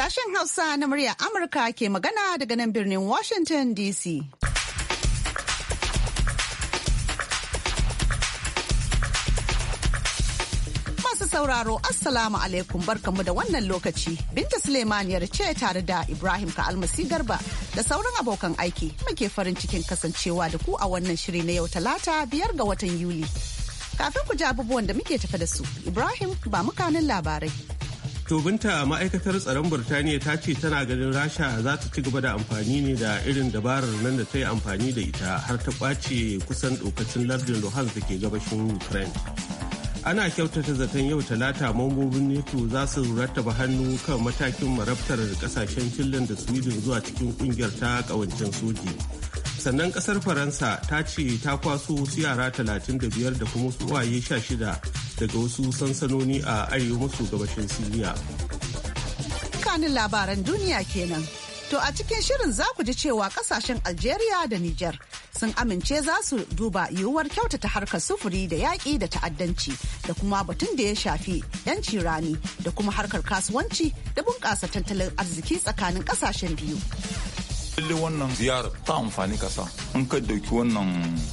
Sashen Hausa na murya Amurka ke magana daga nan birnin Washington DC. Masu sauraro Assalamu alaikum barkamu da wannan lokaci. Binta Suleimaniyar ce tare da Ibrahim Ka'almasi Garba da sauran abokan aiki muke farin cikin kasancewa da ku a wannan shiri na yau talata biyar ga watan Yuli. Kafin ku ji abubuwan da muke tafe da su, Ibrahim ba mukanin labarai. tobinta ma'aikatar tsaron Burtaniya ta ce tana ganin Rasha za ta ci gaba da amfani ne da irin dabarar nan da ta yi amfani da ita har ta kwace kusan dokacin lardin Luhansk da ke gabashin Ukraine. Ana kyautata zaton yau talata mambobin NATO za su rattaba hannu kan matakin marabtar kasashen Finland da Sweden zuwa cikin kungiyar ta kawancin soji. Sannan kasar Faransa ta ce ta kwaso su yara 35 da kuma su waye 16 daga wasu sansanoni a arewa maso gabashin siriya kanin labaran duniya kenan to a cikin shirin za ku ji cewa kasashen algeria da niger sun amince za su duba yiwuwar kyautata harkar sufuri da yaƙi da ta'addanci da kuma batun da ya shafi 'yanci rani da kuma harkar kasuwanci da bunƙasa tattalin arziki tsakanin ƙasashen biyu lalle wannan ziyarar ta amfani kasa an ka dauki wannan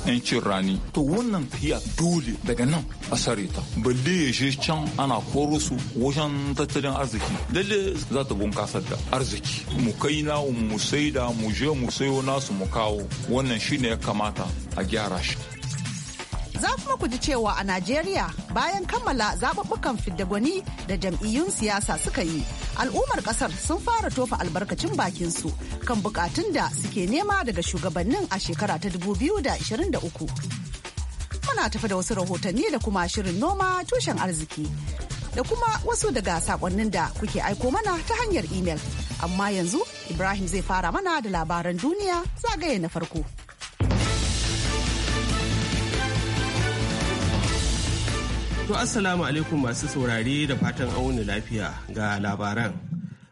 yancin rani to wannan tafiya dole daga nan a sare ta balle ya je can ana koro su wajen tattalin arziki lalle za ta bunkasar da arziki mu kai na mu sai da mu je mu sayo nasu mu kawo wannan shine ya kamata a gyara shi Za kuma ku ji cewa a Najeriya bayan kammala zaɓuɓɓukan fiddagwani da jam'iyyun siyasa suka yi, al'ummar ƙasar sun fara tofa albarkacin bakinsu kan buƙatun da suke nema daga shugabannin a shekara ta 2023. Muna tafi da wasu rahotanni da kuma shirin noma tushen arziki. Da kuma wasu daga sakonnin da kuke aiko mana ta hanyar imel. Amma yanzu Ibrahim zai fara mana da labaran duniya zagaye na farko. To Assalamu alaikum masu saurare da fatan auni lafiya ga labaran.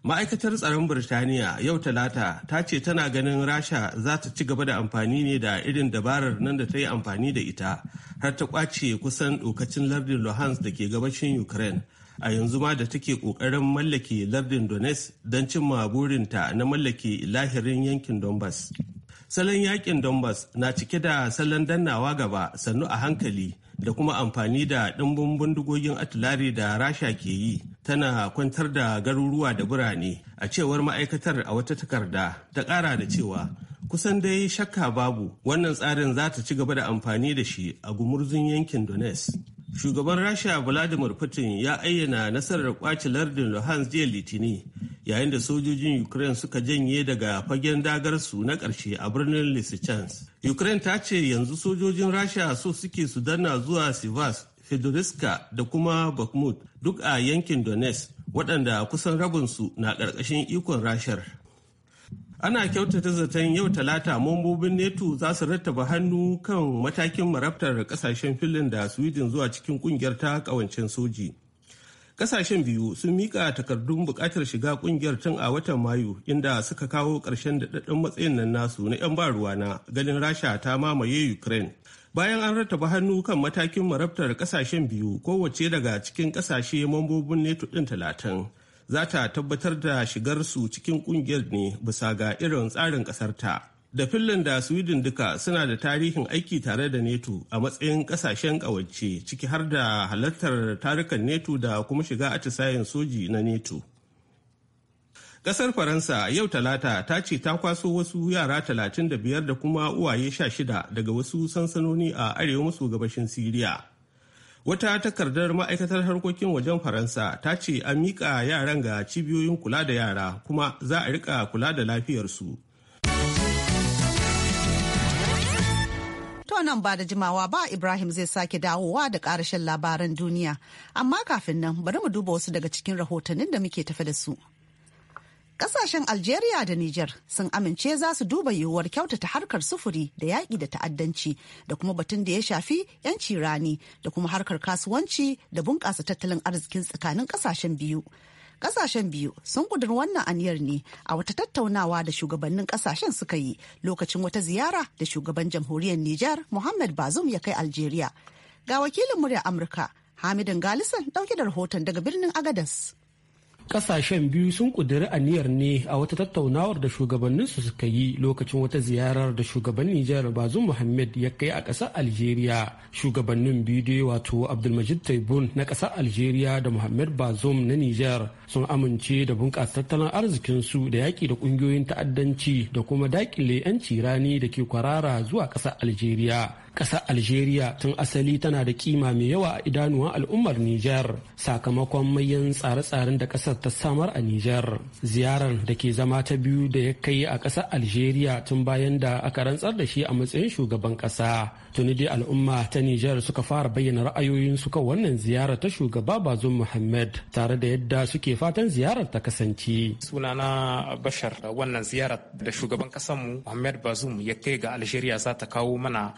Ma'aikatar tsaron Birtaniya yau talata ta ce tana ganin Rasha za ta ci gaba da amfani ne da irin dabarar nan da ta yi amfani da ita har ta kwace kusan dokacin lardin Luhansk da ke gabashin Ukraine a yanzu ma da take ƙoƙarin mallake lardin Donetsk don cimma burinta na mallake lahirin yankin Donbass. Salon yakin Donbass na cike da salon dannawa gaba sannu a hankali da kuma amfani da ɗimbin bindigogin atulari da rasha ke yi tana kwantar da garuruwa da birane a cewar ma'aikatar a wata takarda ta ƙara da cewa kusan dai shakka babu wannan tsarin za ta ci gaba da amfani da shi a gumurzun yankin donetsk Shugaban Rasha Vladimir Putin ya ayyana nasarar ƙwace lardin Luhansk jiya Litini yayin da sojojin Ukraine suka janye daga fagen dagarsu na ƙarshe a birnin Lysychansk. Ukraine ta ce yanzu sojojin Rasha so suke su danna zuwa Sivas, Fedoriska da kuma Bakhmut duk a yankin Donetsk waɗanda kusan rabinsu na ƙarƙashin ikon Rashar. ana kyautata zaton yau talata mambobin neto za su rattaba hannu kan matakin marabtar kasashen filin da sweden zuwa cikin kungiyar ta kawancin soji kasashen biyu sun mika takardun bukatar shiga kungiyar tun a watan mayu inda suka kawo ƙarshen daɗaɗɗen matsayin nan nasu na 'yan ba na, ganin rasha ta mamaye ukraine bayan an rattaba hannu kan matakin marabtar kasashen biyu kowace daga cikin ƙasashe mambobin neto ɗin talatin za ta tabbatar da shigarsu cikin kungiyar ne bisa ga irin tsarin ƙasarta. Da Finland da Sweden duka suna da tarihin aiki tare da NATO a matsayin ƙasashen ƙawance ciki har da halartar tarukan NATO da kuma shiga atisayen soji na NATO. Ƙasar Faransa yau Talata ta ce ta kwaso wasu yara talatin da biyar da kuma uwaye sha shida daga wasu sansanoni a arewa maso gabashin Siriya. Wata takardar ma'aikatar harkokin wajen Faransa ta ce an miƙa yaran ga cibiyoyin kula da yara kuma za a rika kula da lafiyarsu. To nan ba da jimawa ba Ibrahim zai sake dawowa da ƙarashin labaran duniya. Amma kafin nan bari mu duba wasu daga cikin rahotannin da muke tafe da su. Ƙasashen Algeria da Nijar sun amince za su duba yiwuwar kyautata harkar sufuri da yaƙi da ta'addanci da kuma batun da ya shafi 'yanci rani da kuma harkar kasuwanci da bunƙasa tattalin arzikin tsakanin ƙasashen biyu. Ƙasashen biyu sun ƙudur wannan aniyar ne a wata tattaunawa da shugabannin ƙasashen suka yi lokacin wata ziyara da shugaban jamhuriyar Nijar Muhammad Bazum ya kai Algeria. Ga wakilin murya Amurka Hamidin Galisan ɗauke da rahoton daga birnin Agadas. Ƙasashen biyu sun ƙudiri aniyar ne a wata tattaunawar da shugabanninsu suka yi lokacin wata ziyarar da shugaban Nijar Bazum Muhammad ya kai a ƙasar Algeria. Shugabannin biyu dai wato Abdulmajid Taibun na ƙasar Algeria da Muhammad Bazum na Nijar sun amince da bunƙasa tattalin arzikin su da yaƙi da ƙungiyoyin ta'addanci da kuma daƙile 'yanci rani da ke kwarara zuwa ƙasar Algeria. ƙasar algeria tun asali tana da kima mai yawa a idanuwan al'ummar Nijar sakamakon mayan tsare-tsaren da ƙasar ta samar a Nijar ziyarar da ke zama ta biyu da ya kai a ƙasar algeria tun bayan da aka rantsar da shi a matsayin shugaban ƙasa tuni dai al'umma ta Nijar suka fara bayyana ra'ayoyin suka wannan ziyara ta shugaba bazum muhammad tare da yadda suke fatan ziyarar ta kasance sunana bashar wannan ziyarar da shugaban ƙasarmu muhammad bazum ya kai ga algeria za ta kawo mana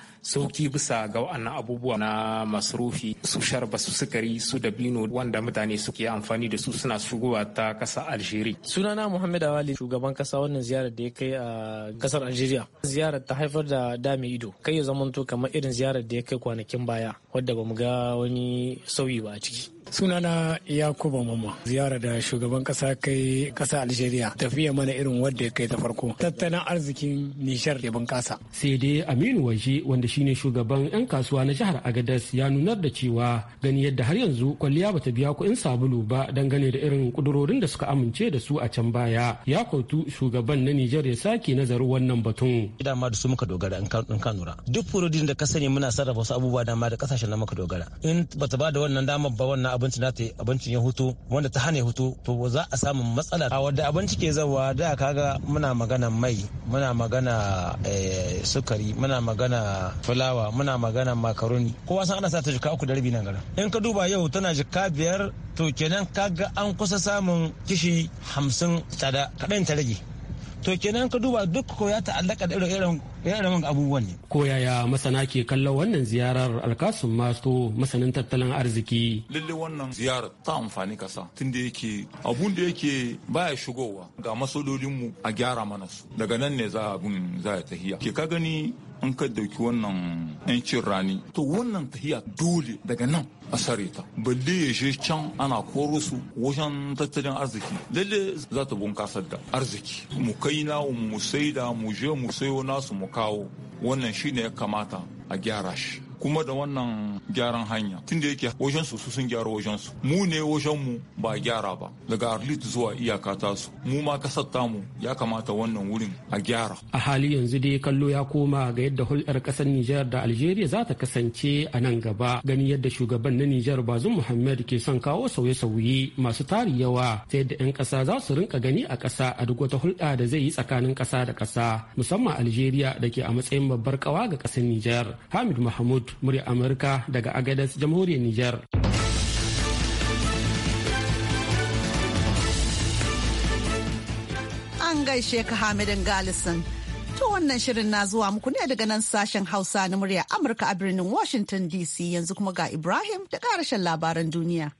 sauki bisa ga wa'annan abubuwa na masarufi su sharba su sukari su dabino wanda mutane suke amfani da su suna shigowa ta kasa algeria sunana muhammad awali shugaban kasa wannan ziyarar da ya kai a kasar algeria ziyarar ta haifar da dami ido kai ya zamanto kamar irin ziyarar da ya kai kwanakin baya wadda bamu ga wani sauyi ba a ciki sunana yakuba mama ziyara da shugaban kasa kai kasa algeria tafiya mana irin wadda ya kai ta farko tattalin arzikin nishar da bunkasa sai dai aminu waje wanda shine shugaban yan kasuwa na jihar agadas ya nunar da cewa gani yadda har yanzu kwalliya bata biya kuɗin sabulu ba dangane da irin kudurorin da suka amince da su a can baya ya kautu shugaban na nijar ya sake nazarin wannan batun ma da su muka dogara in ka nura duk furodin da ka sani muna sarrafa wasu abubuwa dama da kasashen da muka dogara in bata ba da wannan damar ba wannan abinci na ta abincin ya hutu wanda ta hana hutu to za a samu matsala a wadda abinci ke zawa da kaga muna magana mai muna magana eh, sukari muna magana fulawa muna magana makaroni kowa san ana sa ta jika uku da rabi nan gara in ka duba yau tana jika biyar to kenan kaga an kusa samun kishi hamsin tsada kaɗan ta rage to kenan ka duba duk ko ya ta'allaka da irin irin abubuwan ne ko yaya masana ke kallon wannan ziyarar alkasun masu masanin tattalin arziki lalle wannan ziyarar ta amfani kasa tunda yake abun da yake baya shigowa ga masololin mu a gyara mana su daga nan ne za abun za ya tahiya ke ka gani an ka dauki wannan yancin rani to wannan tahiya dole daga nan a sare ta balle ya je can ana koro su wajen tattalin arziki lalle za ta bunkasar da arziki mu kai na mu sai da mu je mu sayo nasu mu kawo wannan shine ya kamata a gyara shi kuma da wannan gyaran hanya tun da yake wajen su sun gyara wajen su mu ne wajen mu ba gyara ba daga arlit zuwa iyaka ta su mu ma kasar tamu ya kamata wannan wurin a gyara a hali yanzu dai kallo ya koma ga yadda hulɗar ƙasar Nijar da Algeria za ta kasance a nan gaba gani yadda shugaban na Nijar Bazum Muhammad ke son kawo sauye-sauye masu tari yawa sai da 'yan ƙasa za su rinka gani a ƙasa a duk wata hulɗa da zai yi tsakanin ƙasa da ƙasa musamman Algeria da ke a matsayin babbar kawa ga ƙasar Nijar Hamid Mahmud murya amurka daga Agadez, jamhuriyar nijar. an gaishe ka hamidin galison to wannan shirin na zuwa muku ne daga nan sashen hausa na murya amurka a birnin washington dc yanzu kuma ga ibrahim da karashen labaran duniya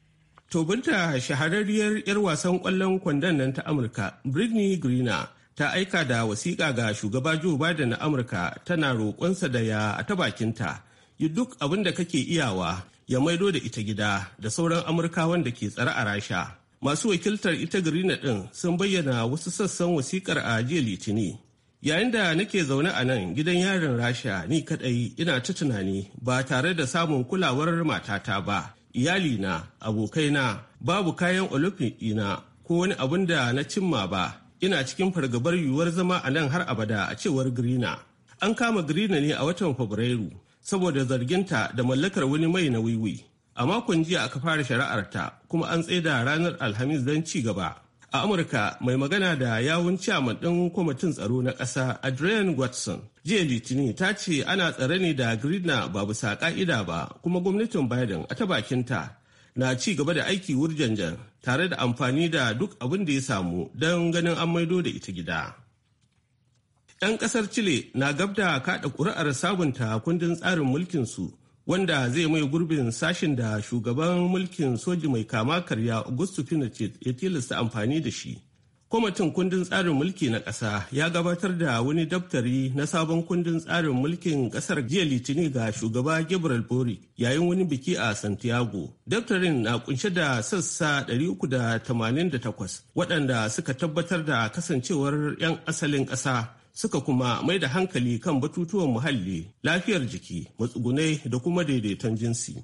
tobinta shahararriyar 'yar wasan kwallon kwandon nan ta amurka britney greener ta aika da wasiƙa ga shugaba Joe Biden na Amurka tana roƙonsa da ya ta bakinta yi duk abin da kake iyawa ya maido da ita gida da sauran amurkawan wanda ke tsare a rasha masu wakiltar ita grina din sun bayyana wasu sassan wasikar a jiya litini yayin da nake zaune a nan gidan yarin rasha ni kadai ina ta tunani ba tare da samun kulawar matata ba iyalina abokaina babu kayan olympic Ina, ko wani abin da na cimma ba ina cikin fargabar yiwuwar zama a nan har abada a cewar grina an kama grina ne a watan fabrairu saboda zarginta da mallakar wani mai na wiwi. A makon jiya aka fara shari'arta kuma an tsaida ranar Alhamis don ci gaba. A Amurka mai magana da yawun ciyaman ɗin kwamitin tsaro na ƙasa Adrian Watson jiya Litinin ta ce ana tsare ne da Gridna ba bisa ka'ida ba kuma gwamnatin Biden a ta bakinta na ci gaba da aiki wurjanjan tare da amfani da duk abin da ya samu don ganin an maido da ita gida. 'Yan ƙasar Chile na gab da kaɗa ƙuri'ar sabunta kundin tsarin mulkin su. wanda zai mai gurbin sashin da shugaban mulkin soji mai kama karya Augusto Pinochet ya tilasta amfani da shi. Kwamitin kundin tsarin mulki na ƙasa ya gabatar da wani daftari na sabon kundin tsarin mulkin ƙasar jiya litini ga shugaba Gabriel bori yayin wani biki a Santiago. Daftarin na kunshe da sassa 388 waɗanda suka tabbatar da kasancewar 'yan asalin ƙasa suka kuma mai da hankali kan batutuwan muhalli lafiyar jiki matsugunai da kuma daidaiton jinsi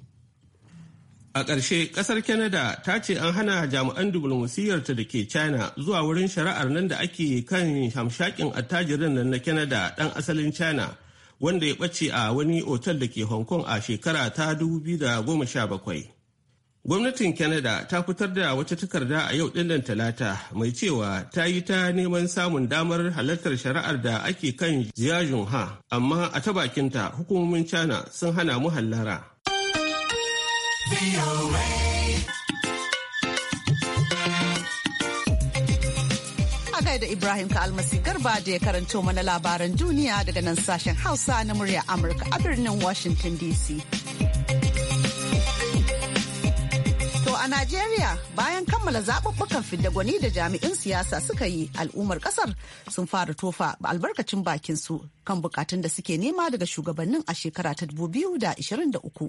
a ƙarshe ƙasar canada ta ce an hana jami'an ta da ke china zuwa wurin shari'ar nan da ake kan hamshakin attajirin nan na canada ɗan asalin china wanda ya ɓace a wani otal da ke hong kong a shekara ta 2017 Gwamnatin Canada ta fitar da wata takarda a yau ɗinnan talata mai cewa ta yi ta neman samun damar halartar shari'ar da ake kan Jia ha amma a ta bakinta hukumomin China sun hana mu hallara. da Ibrahim ka almasi Garba da ya karanto mana labaran duniya daga nan sashen Hausa na murya Amurka a birnin Washington DC. a Najeriya bayan kammala zaɓuɓɓukan fidda-gwani da jami'in siyasa suka yi al'ummar ƙasar sun fara tofa albarkacin bakin su kan bukatun da suke nema daga shugabannin a shekara ta dubu biyu da da uku.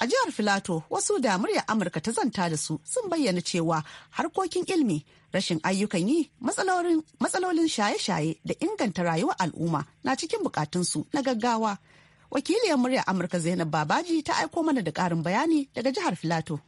A jihar Filato wasu da muryar Amurka ta zanta da su sun bayyana cewa harkokin ilmi, rashin ayyukan yi, matsalolin shaye-shaye da inganta rayuwar al'umma na cikin bukatun su na gaggawa. Wakiliyar muryar Amurka Zainab Babaji ta aiko mana da ƙarin bayani daga jihar Filato.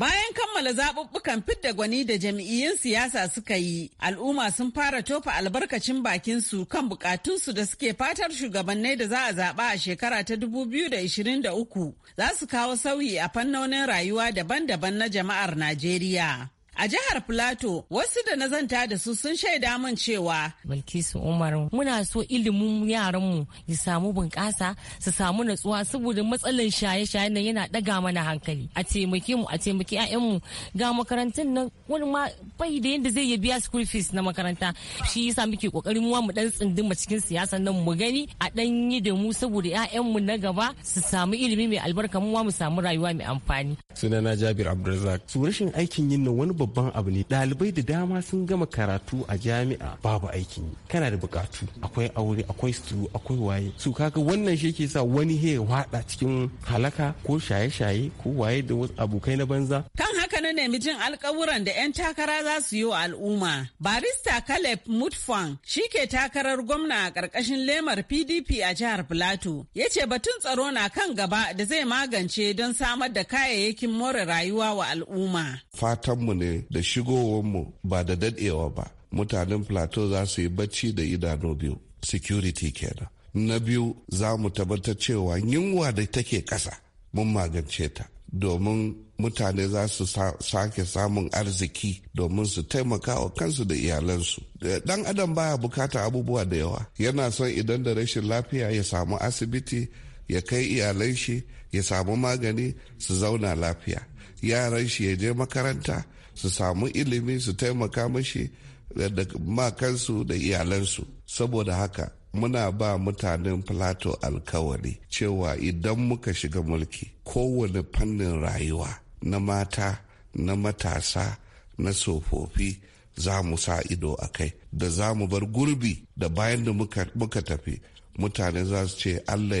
Bayan kammala zaɓuɓɓukan fidda gwani da jam'iyyun siyasa suka yi, al'umma sun fara tofa albarkacin bakinsu kan bukatunsu da suke fatar shugabannai da za a zaɓa a shekara ta 2023 za su kawo sauyi a fannonin rayuwa daban-daban na jama'ar Najeriya. A jihar Plateau, wasu da na zanta da su sun shaida min cewa. Bilkisu Umar, muna so ilimin yaranmu ya samu bunƙasa, su samu natsuwa saboda matsalar shaye-shaye nan yana ɗaga mana hankali. A taimake mu, a taimaki ƴaƴanmu ga makarantun nan wani ma bai da yadda zai biya school fees na makaranta. Shi yasa muke ƙoƙarin mu mu ɗan mu cikin siyasa nan mu gani a ɗan yi da mu saboda ƴaƴanmu na gaba su samu ilimi mai albarka mu mu samu rayuwa mai amfani. Sunana Jabir Abdulrazak. Su rashin aikin yin nan wani babban abu ne ɗalibai da dama sun gama karatu a jami'a babu aikin yi kana da bukatu akwai aure akwai suturu akwai waye su kaga wannan shi ke sa wani he wada cikin halaka ko shaye-shaye ko waye da wasu abokai na banza kan haka na nemi jin alkawuran da 'yan takara za su yi wa al'umma barista caleb mutfang shi ke takarar gwamna a ƙarƙashin lemar pdp a jihar plateau ya ce batun tsaro na kan gaba da zai magance don samar da kayayyakin more rayuwa wa al'umma fatanmu ne da shigowanmu ba da dadewa ba mutanen plateau za su yi bacci da idanu biyu security kenan na biyu za mu tabbatar cewa yunwa da take ƙasa mun magance ta domin mutane za su sake samun arziki domin su taimaka wa kansu da iyalansu. Dan eh, adam baya bukata abubuwa da yawa. Yana son idan da rashin lafiya ya samu asibiti ya kai iyalan shi ya samu magani su zauna lafiya. Yaran shi ya je makaranta su samu ilimi su taimaka mashi da makansu da iyalansu saboda haka muna ba mutanen plato alkawari cewa idan muka shiga mulki kowane fannin rayuwa na mata na matasa na tsofaffi za mu sa ido a kai da za mu bar gurbi da bayan da muka tafi mutane za su ce allah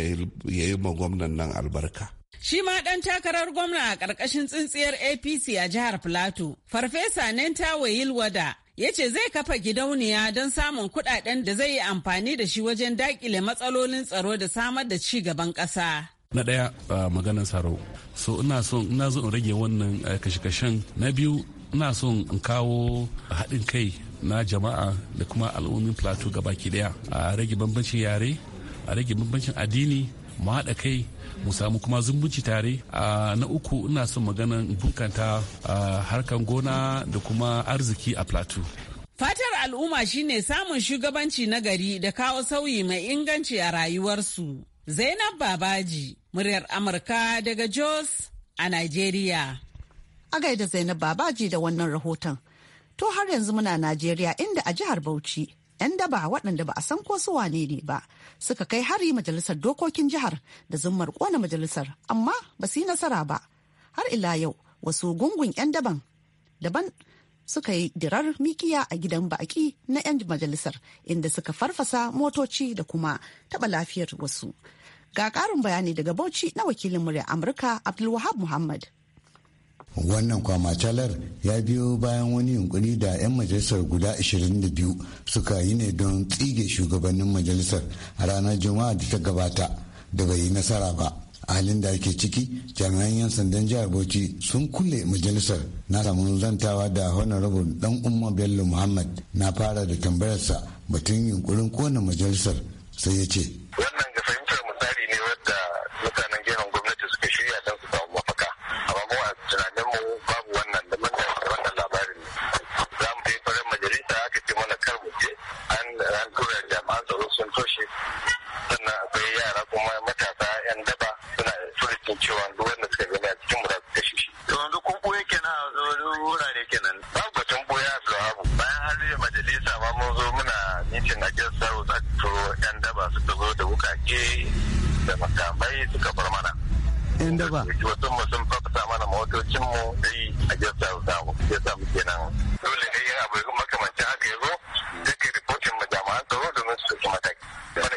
ya yi ma gwamnan nan albarka Shi ma ɗan takarar gwamna a ƙarƙashin tsintsiyar APC a jihar Filato, Farfesa Nentawe Yilwada, ya ce zai kafa gidauniya don samun kuɗaɗen da zai yi amfani da shi wajen daƙile matsalolin tsaro da samar da ci gaban ƙasa. na ɗaya maganar tsaro so ina so ina zo in rage wannan eh, kashe na biyu ina so in kawo haɗin kai na jama'a da kuma al'ummin plateau gabaki ɗaya a rage bambancin yare a rage bambancin addini mu haɗa kai mu samu kuma zumunci tare na uku ina son maganan bunkanta harkan gona da kuma arziki a plateau Fatar al'umma shine samun shugabanci na gari da kawo sauyi mai inganci a rayuwarsu. Zainab Babaji, muryar Amurka daga Jos a Najeriya. A gaida Zainab Babaji da wannan rahoton. To har yanzu muna Najeriya inda a jihar Bauchi 'yan daba waɗanda ba a san ko su wane ne ba suka kai hari majalisar dokokin jihar da zummar kona majalisar amma ba su yi nasara ba har ila yau wasu gungun 'yan daban daban suka yi dirar mikiya a gidan baki na 'yan majalisar inda suka farfasa motoci da kuma taɓa lafiyar wasu ga ƙarin bayani daga bauchi na wakilin murya amurka abdulwahab muhammad wannan kwamacalar ya biyo bayan wani yunkuri da 'yan majalisar guda 22 suka yi ne don tsige shugabannin majalisar a ranar juma'a da ta gabata da bai yi nasara ba halin da ake ciki jami'an 'yan sandan jihar bauchi sun kulle majalisar na samu zantawa da honorable dan umma bello muhammad na fara da tambayarsa batun yunkurin kona majalisar sai ya ce wannan majalisa ma mun zo muna nishin ajiyar sau South aka yan daba suka zo da wukake da makamai suka bar mana. Yan daba? Wasu mu sun fafata mana motocin mu dai ajiyar sau South South ya samu kenan. Dole ne yin abu makamanci haka ya zo da ke rikotin majami'an tsaro domin su ɗauki mataki.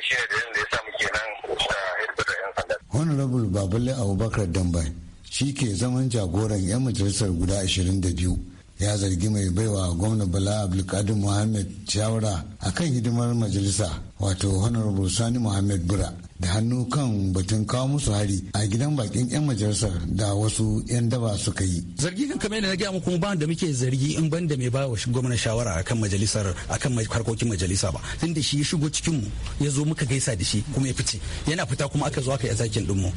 shi ne da yin da ya samu kenan da eh, hirbar yan sanda. Honorable Baballe Abubakar Dambai shi ke zaman jagoran 'yan majalisar guda 22 ya zargi mai baiwa gwamna bala abdulkadir muhammad shawara akan hidimar majalisa wato honorable sani muhammad bura da hannu kan batun kawo musu hari a gidan bakin 'yan majalisar da wasu 'yan daba suka yi. Zargi kan kamar yadda na gaya muku ba da muke zargi in ban da mai bawa gwamna shawara akan majalisar akan harkokin majalisa ba da shi ya shigo cikin mu ya zo muka gaisa da shi kuma ya fice yana fita kuma aka zo aka yi zakin din mu.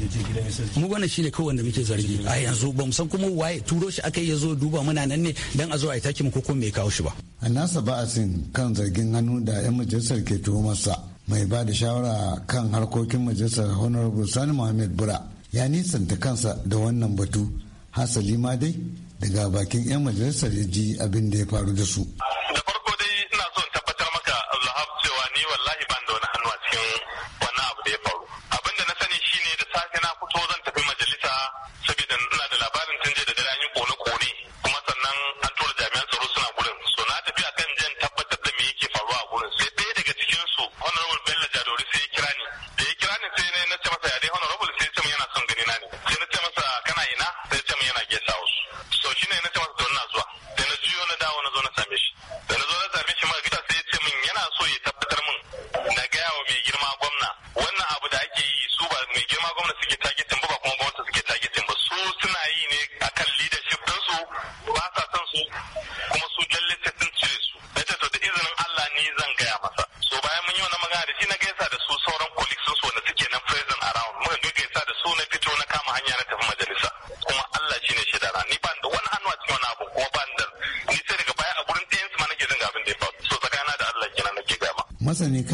Mu wannan shine kawai wanda muke zargi a yanzu ba mu san kuma waye turo shi aka yi ya zo duba muna nan ne dan a zo a yi taki mu ko kuma bai kawo shi ba. A nasa ba'asin kan zargin hannu da 'yan majalisar ke tuhumarsa. mai ba da shawara kan harkokin majalisar honorable sani muhammed bura ya nisanta kansa da wannan batu hasali ma dai daga bakin 'yan majalisar ya ji abin da ya faru da su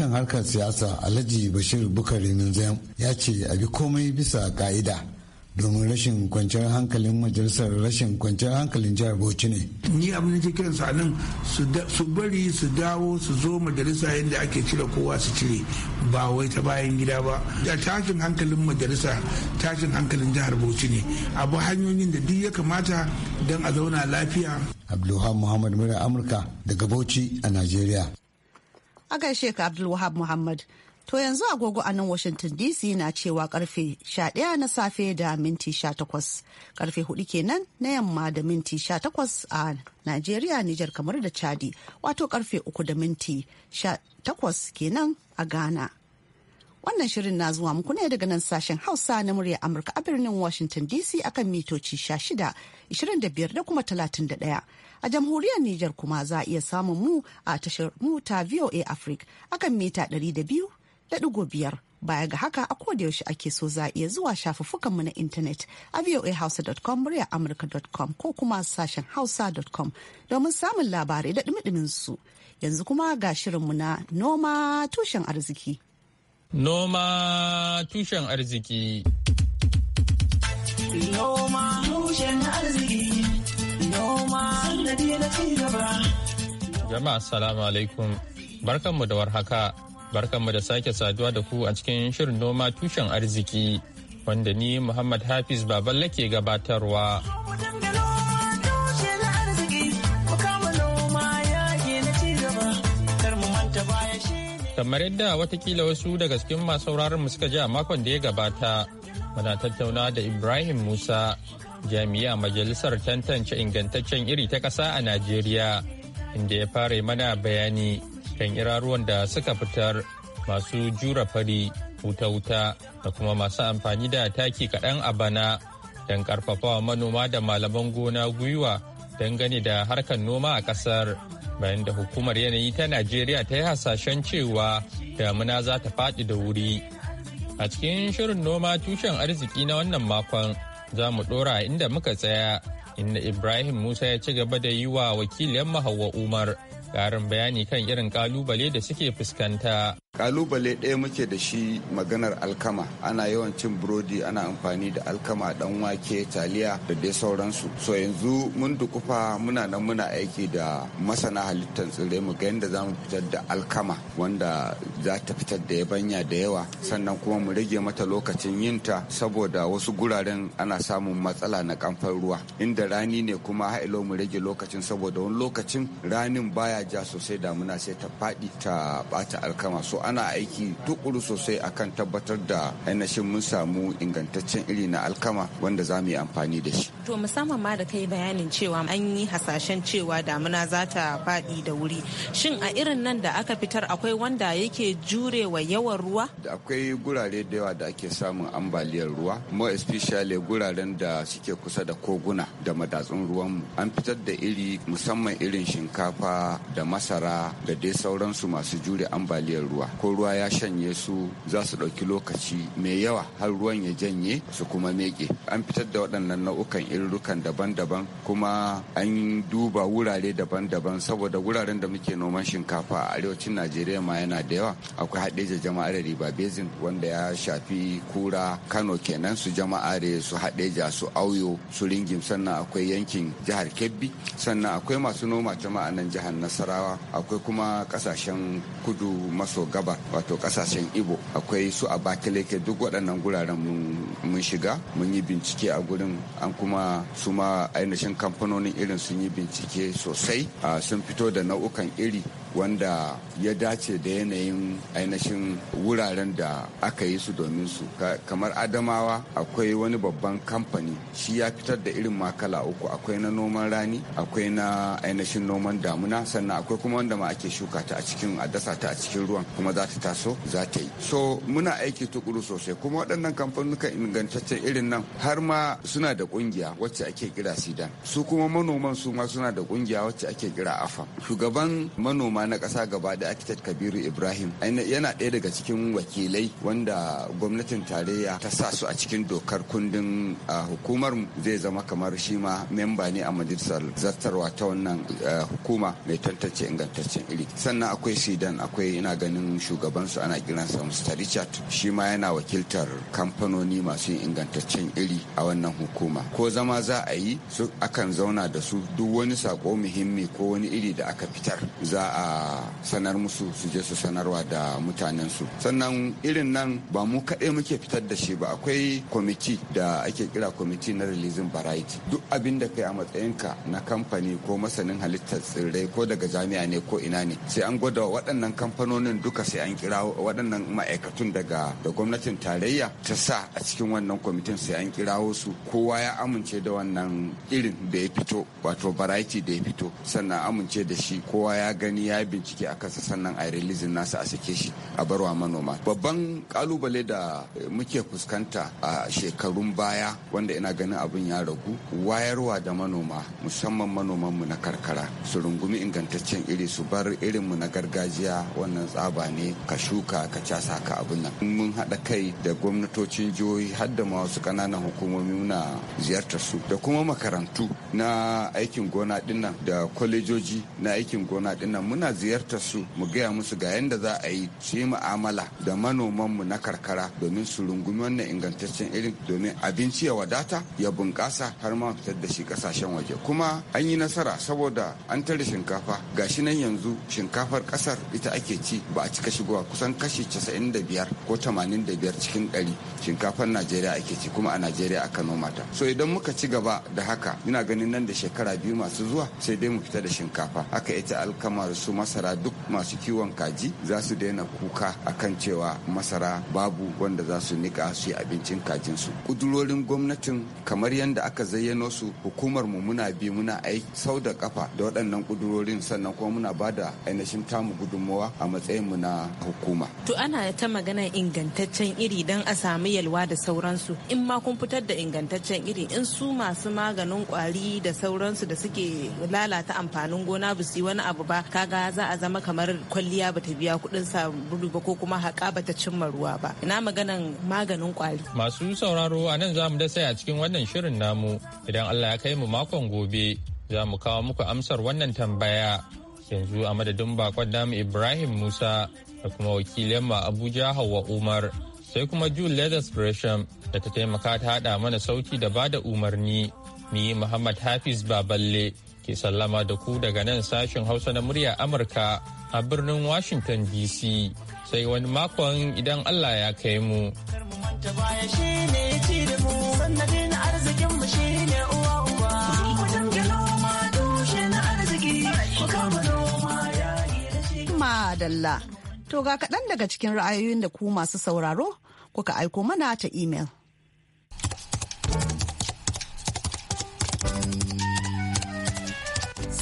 kan harkar siyasa alhaji bashir bukari minzayam ya ce a bi komai bisa ka'ida domin rashin kwanciyar hankalin majalisar rashin kwanciyar hankalin jihar bauchi ne ni abin da kiran su anan su bari su dawo su zo majalisa yadda ake cire kowa su cire ba wai ta bayan gida ba da tashin hankalin majalisa tashin hankalin jihar bauchi ne abu hanyoyin da duk ya kamata don a zauna lafiya abdulhamu muhammad murar amurka daga bauchi a najeriya a gaishe ka Abdulwahab Muhammad. To yanzu agogo a nan Washington DC na cewa karfe 11 na safe da minti 18. Karfe 4 kenan na yamma da minti 18 a Najeriya, Nijar kamar da Chadi. Wato karfe 3 da minti 18 kenan a Ghana. Wannan shirin na zuwa muku ne daga nan sashen Hausa na murya Amurka a birnin Washington DC akan mitoci 16, 25 da kuma 31. A jamhuriyar Nijar kuma za a iya samun mu a tashar mu ta VOA Africa akan mita 200.5 baya ga haka a yaushe ake so za a iya zuwa shafuffukanmu na intanet a voahausa.com muryar amurka.com ko kuma sashen hausa.com domin samun labarai da dumi su yanzu kuma ga shirinmu na noma tushen arziki noma tushen arziki noma tushen arziki jama'a assalamu alaikum barkanmu da warhaka barkanmu da sake saduwa da ku a cikin shirin noma tushen arziki wanda ni muhammad hafiz baballe ke gabatarwa kamar yadda watakila wasu daga cikin masu sauraron mu suka ji a makon da ya gabata muna tattauna da ibrahim musa jami'a majalisar tantance ingantaccen iri ta ƙasa a najeriya inda ya fara mana bayani kan iraruwan da suka fitar masu jura fari wuta-wuta da kuma masu amfani da taki kaɗan a bana don ƙarfafawa manoma da malaman gona gwiwa dangane da harkar noma a ƙasar bayan da hukumar yanayi ta najeriya ta yi hasashen cewa damuna za ta faɗi da wuri a cikin shirin noma tushen arziki na wannan makon za mu ɗora inda muka tsaya inda Ibrahim Musa ya ci gaba da yi wa wakiliyar Hauwa Umar ƙarin bayani kan irin ƙalubale da suke fuskanta. kalubale ɗaya muke da shi maganar alkama ana yawan cin burodi ana amfani da alkama dan wake taliya da dai sauransu so yanzu mun dukufa muna nan muna aiki da masana halittar tsirrai mu ga yadda za mu fitar da alkama wanda za ta fitar da yabanya da yawa sannan kuma mu rage mata lokacin yinta saboda wasu guraren ana samun matsala na kamfan ruwa inda rani ne kuma hailo mu rage lokacin saboda wani lokacin ranin baya ja sosai damuna sai ta faɗi ta bata alkama so ana aiki tukuru sosai akan tabbatar da ainihin mun samu ingantaccen iri na alkama wanda za mu yi amfani da shi. To musamman ma da kai bayanin cewa an yi hasashen cewa damuna za ta faɗi da wuri. Shin a irin nan da aka fitar akwai wanda yake jure wa yawan ruwa? Da akwai gurare da yawa da ake samun ambaliyar ruwa, more especially guraren da suke kusa da koguna da madatsun ruwanmu. An fitar da iri musamman irin shinkafa da masara da dai sauransu masu jure ambaliyar ruwa. ko ruwa ya shanye su za su ɗauki lokaci mai yawa har ruwan ya janye su kuma meke an fitar da waɗannan nau'ukan irrukan daban-daban kuma an duba wurare daban-daban saboda wuraren da muke noman shinkafa a arewacin najeriya ma yana da yawa akwai haɗeja jama'ar riba basin wanda ya shafi kura kano kenan su jama'ar su haɗeja su auyo su ringim sannan akwai yankin jihar kebbi sannan akwai masu noma jama'a nan jihar nasarawa akwai kuma ƙasashen kudu maso gaba ba wato kasashen ibo akwai su a bakileke duk waɗannan guraren mun shiga mun yi bincike a gurin an kuma su ma ainihin kamfanonin irin sun yi bincike sosai ah, sun fito da nau'ukan iri wanda ya dace da yanayin ainihin wuraren da aka yi su domin su kamar adamawa akwai wani babban kamfani shi ya fitar da irin makala uku akwai na noman rani akwai na ainihin noman damuna sannan akwai kuma wanda ma ake shuka ta a cikin a dasa ta a cikin ruwan kuma za ta taso za ta yi so muna aiki tukuru sosai kuma waɗannan kamfanukan ingantaccen irin nan har ma suna da kungiya wacce ake kira sidan su kuma manoman su ma suna da kungiya wacce ake kira afa shugaban manoma ma na ƙasa gaba da architect kabiru ibrahim yana ɗaya daga cikin wakilai wanda gwamnatin tarayya ta sa su a cikin dokar kundin hukumar zai zama kamar shi ma memba ne a majalisar zartarwa ta wannan hukuma mai tantance ingantaccen iri sannan akwai sidan akwai ina ganin shugaban su ana kiransa mr richard shi ma yana wakiltar kamfanoni masu ingantaccen iri a wannan hukuma ko zama za a yi akan zauna da su duk wani sako muhimmi ko wani iri da aka fitar za a sanar musu su je su sanarwa da mutanen su sannan irin nan ba mu kaɗai muke fitar da shi ba akwai kwamiti da ake kira kwamiti na releasing variety duk abin da kai a matsayinka na kamfani ko masanin halittar tsirrai ko daga jami'a ne ko ina ne sai an gwada waɗannan kamfanonin duka sai an kira waɗannan ma'aikatun daga da gwamnatin tarayya ta sa a cikin wannan kwamitin sai an kirawo su kowa ya amince da wannan irin da ya fito wato variety da ya fito sannan amince da shi kowa ya gani ya yi bincike a kansa sannan a releasing nasa a sake shi a barwa manoma babban kalubale da muke fuskanta a shekarun baya wanda ina ganin abin ya ragu wayarwa da manoma musamman mu na karkara su rungumi ingantaccen iri su bar irin mu na gargajiya wannan tsaba ne ka shuka ka casa ka abin nan mun hada kai da gwamnatocin jihohi har da wasu kananan hukumomi muna ziyartar su da kuma makarantu na aikin gona dinnan da kwalejoji na aikin gona dinnan muna muna ziyartar su mu gaya musu ga yadda za a yi su ma'amala mu'amala da manomanmu na karkara domin su rungumi wannan ingantaccen irin domin abinci ya wadata ya bunƙasa har ma fitar da shi ƙasashen waje kuma an yi nasara saboda an tare shinkafa ga shi nan yanzu shinkafar ƙasar ita ake ci ba a cika shigowa kusan kashi 95 ko 85 cikin ɗari shinkafar Najeriya ake ci kuma a Najeriya aka noma ta so idan muka ci gaba da haka ina ganin nan da shekara biyu masu zuwa sai dai mu fita da shinkafa haka ita alkamar su su masara duk masu kiwon kaji za su daina kuka a kan cewa masara babu wanda za su nika su yi abincin kajinsu kudurorin gwamnatin kamar yadda aka zayyano su hukumar mu muna bi muna aiki sau da kafa da waɗannan kudurorin sannan kuma muna ba da ainihin tamu gudunmawa a matsayin mu na hukuma to ana ta magana ingantaccen iri dan a sami yalwa da sauransu in ma kun fitar da ingantaccen iri in su masu maganin kwari da sauransu da suke lalata amfanin gona ba su yi wani abu ba kaga za a zama kamar kwalliya bata biya kuɗin sabulu ba ko kuma haƙa bata cimma ruwa ba ina maganan maganin kwali. masu sauraro a nan zamu dasa a cikin wannan shirin namu idan Allah ya kai mu makon gobe za mu kawo muku amsar wannan tambaya yanzu a madadin bakon damu Ibrahim Musa da kuma wakilin ma Abuja Hauwa Umar sai kuma Jude Leathers Gresham da ta taimaka ta haɗa mana sauti da bada umarni. Ni Muhammad Hafiz Baballe ke sallama da ku daga nan sashen Hausa na murya Amurka a birnin Washington DC sai wani makon idan Allah ya kai mu. Madalla, to ga kaɗan daga cikin ra'ayoyin da ku masu sauraro kuka aiko mana ta imel.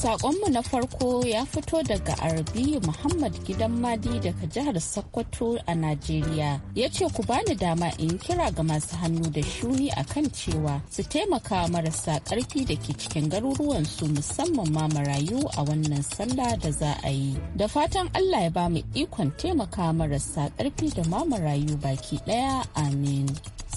Sakonmu na farko ya fito daga Arbi Muhammad Gidan Madi daga jihar Sokoto a Najeriya. Ya ce ku bani dama in kira ga masu hannu da shuni akan cewa su taimaka marasa ƙarfi da ke cikin garuruwansu musamman ma marayu a wannan sallah da za a yi. Da fatan Allah ya ba mu ikon taimaka marasa ƙarfi da ma marayu baki ɗaya. Amin.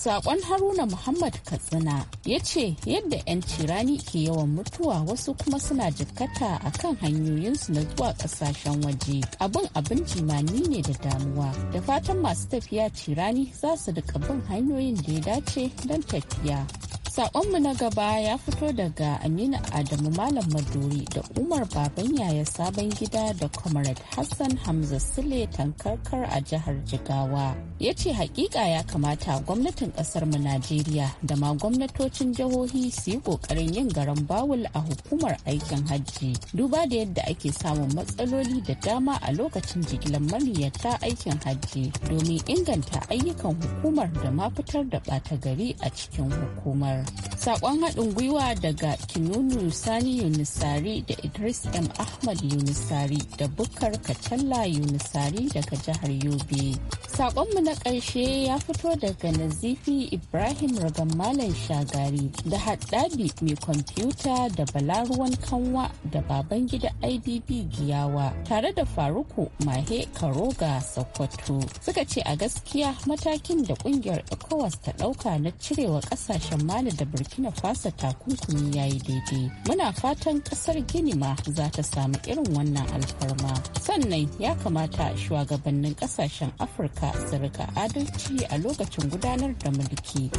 Sakon Haruna Muhammad Katsina ya ce yadda 'yan cirani ke yawan mutuwa wasu kuma suna jikkata a kan hanyoyinsu na zuwa kasashen waje. Abin abin jimani ne da damuwa. Da fatan masu tafiya cirani za su rika bin hanyoyin da ya dace don tafiya. Saƙonmu na gaba ya fito daga amina Adamu Malam Maduri da Umar Baban Yaya Sabon Gida da Comrade Hassan Hamza Sule Tankarkar a jihar Jigawa. Ya ce hakika ya kamata gwamnatin mu Najeriya da ma gwamnatocin jihohi su yi ƙoƙarin yin garan bawul a hukumar aikin hajji. Duba da yadda ake samun matsaloli da dama a lokacin jigilar maniyyata aikin hajji domin inganta ayyukan hukumar da ma fitar da ɓata gari a cikin hukumar. saƙon Sakon haɗin gwiwa daga Kinunu Sani Yunusari da Idris M. Ahmad Yunusari da Bukar Kacalla Yunusari daga jihar Yobe. Sakonmu na ƙarshe ya fito daga Nazifi Ibrahim Ragamalin Shagari da Haɗabi mai kwamfuta da Balaruwan Kanwa da Babangida IDB Giyawa tare da Faruku Mahe Karoga Sokoto. Suka ce a gaskiya matakin da ƙungiyar ECOWAS ta ɗauka na cirewa ƙasashen Mali mali da burkina faso takunkumi ya yi daidai muna fatan kasar gini ma za ta samu irin wannan alfarma sannan ya kamata shugabannin kasashen afirka su rika adalci a lokacin gudanar da mulki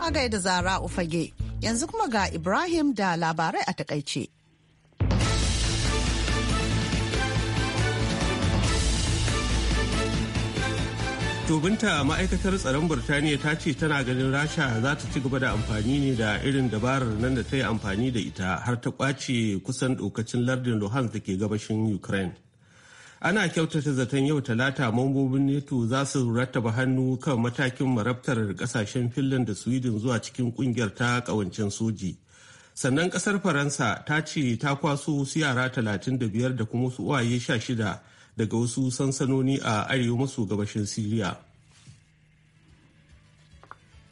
a gaida zara ufage yanzu kuma ga ibrahim da labarai a takaice To ma'aikatar tsaron Burtaniya ta ce tana ganin Rasha za ta ci gaba da amfani ne da irin dabarar nan da ta yi amfani da ita har ta kwace kusan dokacin lardin lohan da ke gabashin Ukraine. Ana kyautata zaton yau talata mambobin NATO za su rattaba hannu kan matakin marabtar kasashen Finland da Sweden zuwa cikin kungiyar ta kawancin soji. Sannan kasar Faransa ta ce ta kwaso su yara 35 da kuma su uwaye 16 daga wasu sansanoni a arewa maso gabashin Siriya.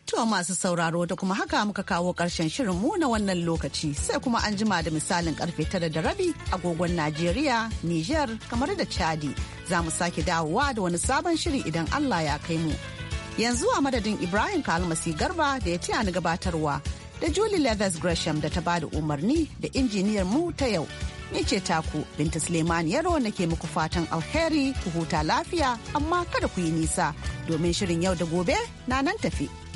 To masu sauraro da kuma haka muka kawo ƙarshen mu na wannan lokaci sai kuma an jima da misalin karfe tara da rabi agogon Najeriya, niger kamar da Chadi. Za mu sake dawowa da wani sabon shiri idan Allah ya kai mu. Yanzu a madadin Ibrahim Kalmasi Garba da ya taya ni gabatarwa da Julie Leathers Gresham da ta ba da umarni da injiniyar mu ta yau. Ni ce taku Binta Suleiman Yaro nake muku fatan alheri ku huta lafiya amma kada ku yi nisa domin shirin yau da gobe na nan tafi.